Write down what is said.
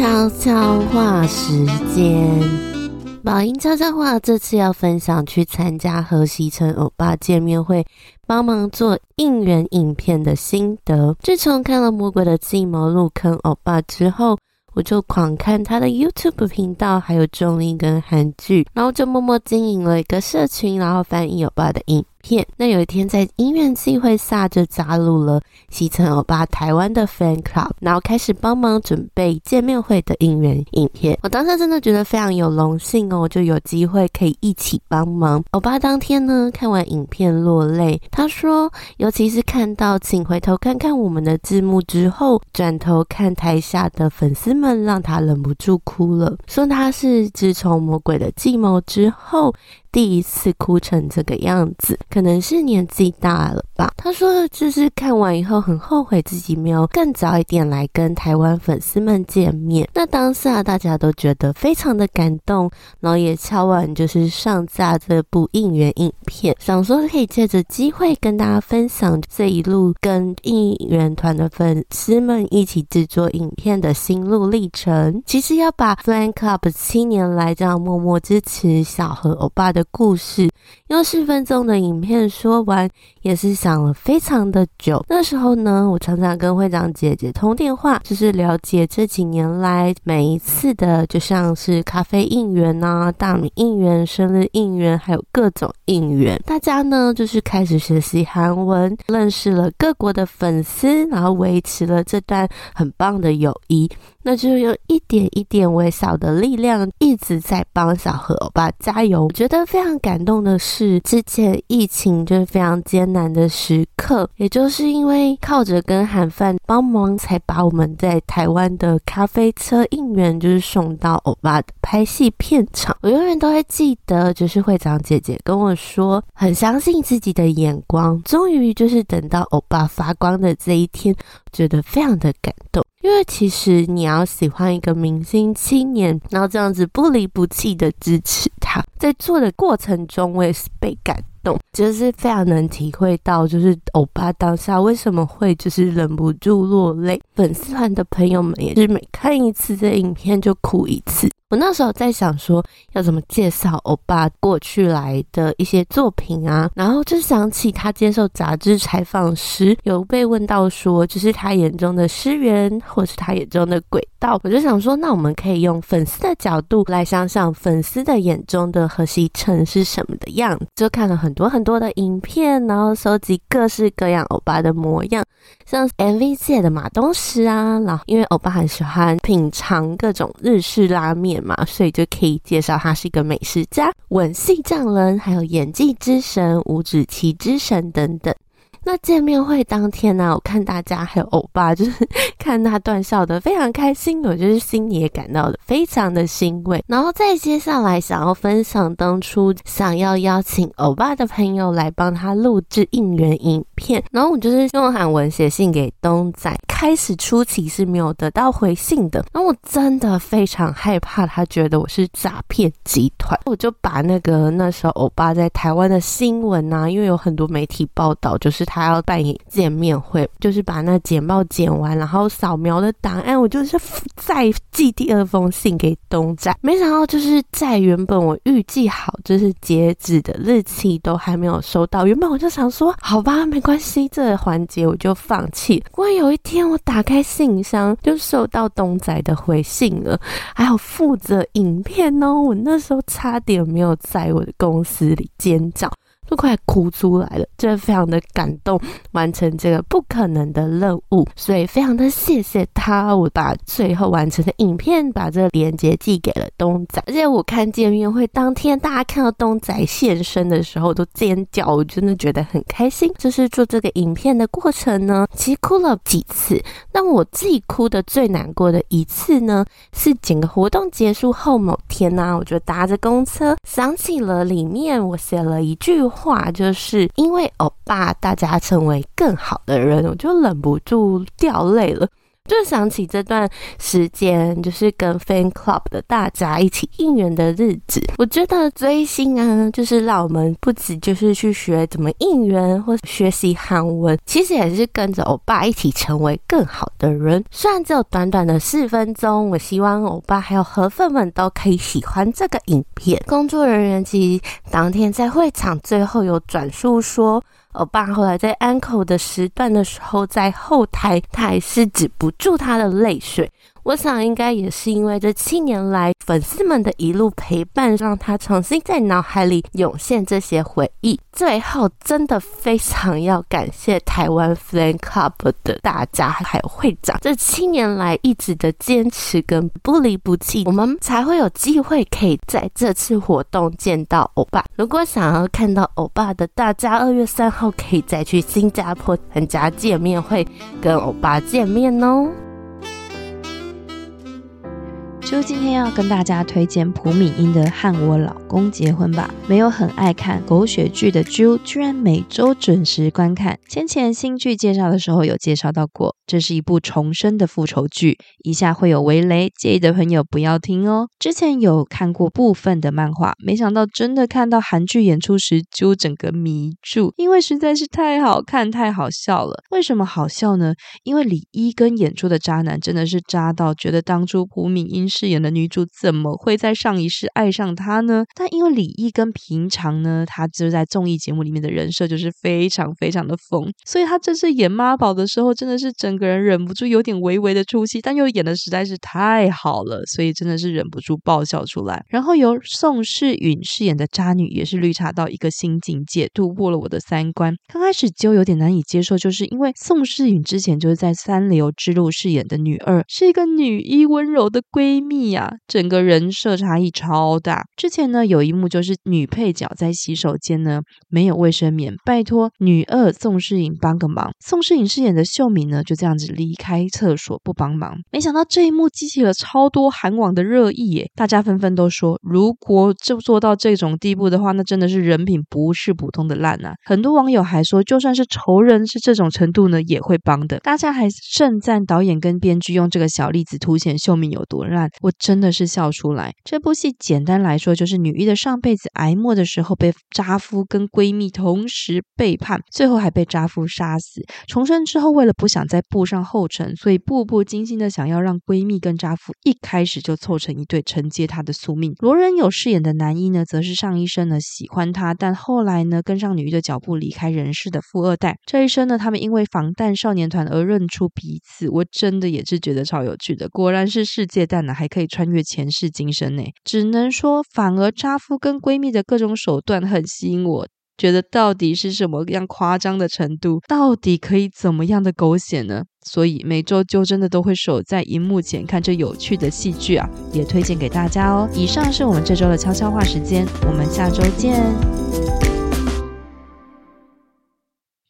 悄悄話時間，寶音悄悄話這次要分享去參加河錫辰歐巴見面會，幫忙做應援影片的心得。自從看了《魔鬼的計謀》入坑歐巴之後，我就狂看他的 YouTube 頻道，還有綜藝跟韓劇，然後就默默經營了一個社群，然後翻譯歐巴的影片那有一天在因緣際會下就加入了錫辰歐巴台灣的 fan club，然後開始幫忙準備見面會的應援影片。我當時真的覺得非常有榮幸哦，就有機會可以一起幫忙。歐巴當天呢看完影片落淚，他說尤其是看到請回頭看看我們的字幕之後，轉頭看台下的粉絲們，讓他忍不住哭了，說他是自從魔鬼的計謀之後。第一次哭成這個樣子，可能是年紀大了吧。他說的就是看完以後很後悔自己沒有更早一點來跟台灣粉絲們見面。那當下大家都覺得非常的感動，然後也敲完就是上架這部應援影片，想說可以借着機會跟大家分享這一路跟應援團的粉絲們一起製作影片的心路歷程。其實要把 Fan Club 七年來這樣默默支持小河歐巴的，故事用四分鐘的影片說完，也是想了非常的久。那時候呢，我常常跟會長姐姐通電話，就是了解這幾年來每一次的，就像是咖啡應援吶、啊、大米應援、生日應援，還有各種應援。大家呢，就是開始學習韓文，認識了各國的粉絲，然後維持了這段很棒的友誼。那就用一點一點微小的力量。一直在幫小河歐巴加油，我覺得非常感動的是，之前疫情就是非常艱難的時刻，也就是因為靠着跟韓飯幫忙，才把我們在台灣的咖啡車應援，就是送到歐巴的拍戲片場。我永遠都會記得，就是會長姐姐跟我說，很相信自己的眼光，終於就是等到歐巴發光的這一天，覺得非常的感動。因為其實你要喜歡一個明星七年，然後這樣子不離不棄的支持他，在做的過程中我也是被感。懂，就是非常能體會到，就是歐巴當下為什麼會就是忍不住落淚。粉絲團的朋友們也是每看一次這影片就哭一次。我那時候在想說，要怎麼介紹歐巴過去來的一些作品啊？然後就想起他接受雜誌採訪時有被問到說，就是他眼中的詩園，或是他眼中的軌道。我就想說，那我們可以用粉絲的角度來想想粉絲的眼中的河錫辰是什麼的樣子。就看了很。很多很多的影片，然後收集各式各樣歐巴的模樣，像 MV 界的馬東石啊，然後因為歐巴很喜歡品嘗各種日式拉面嘛，所以就可以介紹他是一個美食家、吻戲匠人，還有演技之神、五子棋之神等等。那見面會當天呢、啊，我看大家還有歐巴，就是看他斷笑得非常開心，我就是心裡也感到了非常的欣慰。然後再接下來想要分享當初想要邀請歐巴的朋友來幫他錄製應援音片，然後我就是用韓文寫信給東仔。開始初期是沒有得到回信的，然後我真的非常害怕，他覺得我是詐騙集團，我就把那個那時候歐巴在台灣的新聞啊，因為有很多媒體報道，就是他要辦一見面會，就是把那剪報剪完，然後掃描的檔案，我就是再寄第二封信給東仔。沒想到就是在原本我預計好就是截止的日期都還沒有收到，原本我就想說，好吧，沒關係。關係這個環節，我就放棄了。不過有一天，我打開信箱，就收到東仔的回信了，還有負責影片哦。我那時候差點沒有在我的公司裡尖叫。都快哭出來了，真的非常的感動，完成這個不可能的任務，所以非常的謝謝他。我把最後完成的影片把這個連接寄給了東仔，而且我看見面會當天大家看到東仔現身的時候都尖叫，我真的覺得很開心。就是做這個影片的過程呢，其實哭了幾次，那我自己哭的最難過的一次呢，是整個活動結束後某天呢，啊，我就搭着公車想起了裡面我寫了一句。話就是因為歐巴，大家成為更好的人，我就忍不住掉淚了。就想起這段時間，就是跟 fan club 的大家一起應援的日子。我覺得追星啊，就是讓我們不止就是去學怎麼應援，或者學習韓文，其實也是跟着歐巴一起成為更好的人。雖然只有短短的四分鐘，我希望歐巴還有河粉們都可以喜歡這個影片。工作人員其實當天在會場最後有轉述說。歐巴後來在安可的時段的時候，在後台，他還是止不住他的淚水。我想應該也是因為這七年來粉絲們的一路陪伴，讓他重新在腦海裡湧現這些回憶。最後，真的非常要感謝台灣 Fans Club 的大家還有會長，這七年來一直的堅持跟不離不棄，我們才會有機會可以在這次活動見到歐巴。如果想要看到歐巴的大家，二月三號可以再去新加坡參加見面會，跟歐巴見面哦。就今天要跟大家推薦朴敏英的《和我老公結婚吧》。沒有很愛看狗血劇的啾居然每周準時觀看。先前，前新劇介紹的時候有介紹到過，這是一部重生的復仇劇。以下會有微雷，介意的朋友不要聽哦。之前有看過部分的漫畫，沒想到真的看到韓劇演出時啾整個迷住，因為實在是太好看，太好笑了。為什麼好笑呢？因為李伊庚演出的渣男真的是渣到覺得當初朴敏英是。飾演的女主怎麼會在上一世愛上他呢？但因為李伊庚平常呢，他就是在綜藝節目裡面的人設就是非常非常的瘋，所以他這次演媽寶的時候，真的是整個人忍不住有點微微的出戲，但又演的實在是太好了，所以真的是忍不住爆笑出來。然後由宋昰昀飾、飾演的渣女也是綠茶到一個新境界，突破了我的三觀。剛開始就有點難以接受，就是因為宋昰昀之前就是在《三流之路》飾演的女二，是一個女一溫柔的閨蜜。密呀，啊，整個人設差異超大。之前呢，有一幕就是女配角在洗手間呢沒有衛生棉，拜托女二宋世穎幫個忙。宋世穎飾演的秀敏呢就這樣子離開廁所不幫忙。沒想到這一幕激起了超多韓網的熱議耶，大家紛紛都說，如果就做到這種地步的話，那真的是人品不是普通的爛啊。很多網友還說，就算是仇人是這種程度呢也會幫的。大家還盛讚導演跟編劇用這個小例子凸顯秀敏有多爛。我真的是笑出來。這部戲簡單來說，就是女一的上輩子癌末的時候被渣夫跟閨蜜同時背叛，最後還被渣夫殺死。重生之後，為了不想再步上後塵，所以步步驚心的想要讓閨蜜跟渣夫一開始就湊成一對，承接她的宿命。羅仁友飾演的男一呢，則是上一生呢喜歡她，但後來呢跟上女一的腳步離開人世的富二代。這一生呢，他們因為防彈少年團而認出彼此。我真的也是覺得超有趣的。果然是世界蛋呢還可以穿越前世今生呢，只能說反而丈夫跟閨蜜的各種手段很吸引我，覺得到底是什麼樣誇張的程度，到底可以怎麼樣的狗血呢？所以每周就真的都會守在熒幕前看這有趣的戲劇啊，也推薦給大家哦。以上是我們這周的悄悄話時間，我們下周見。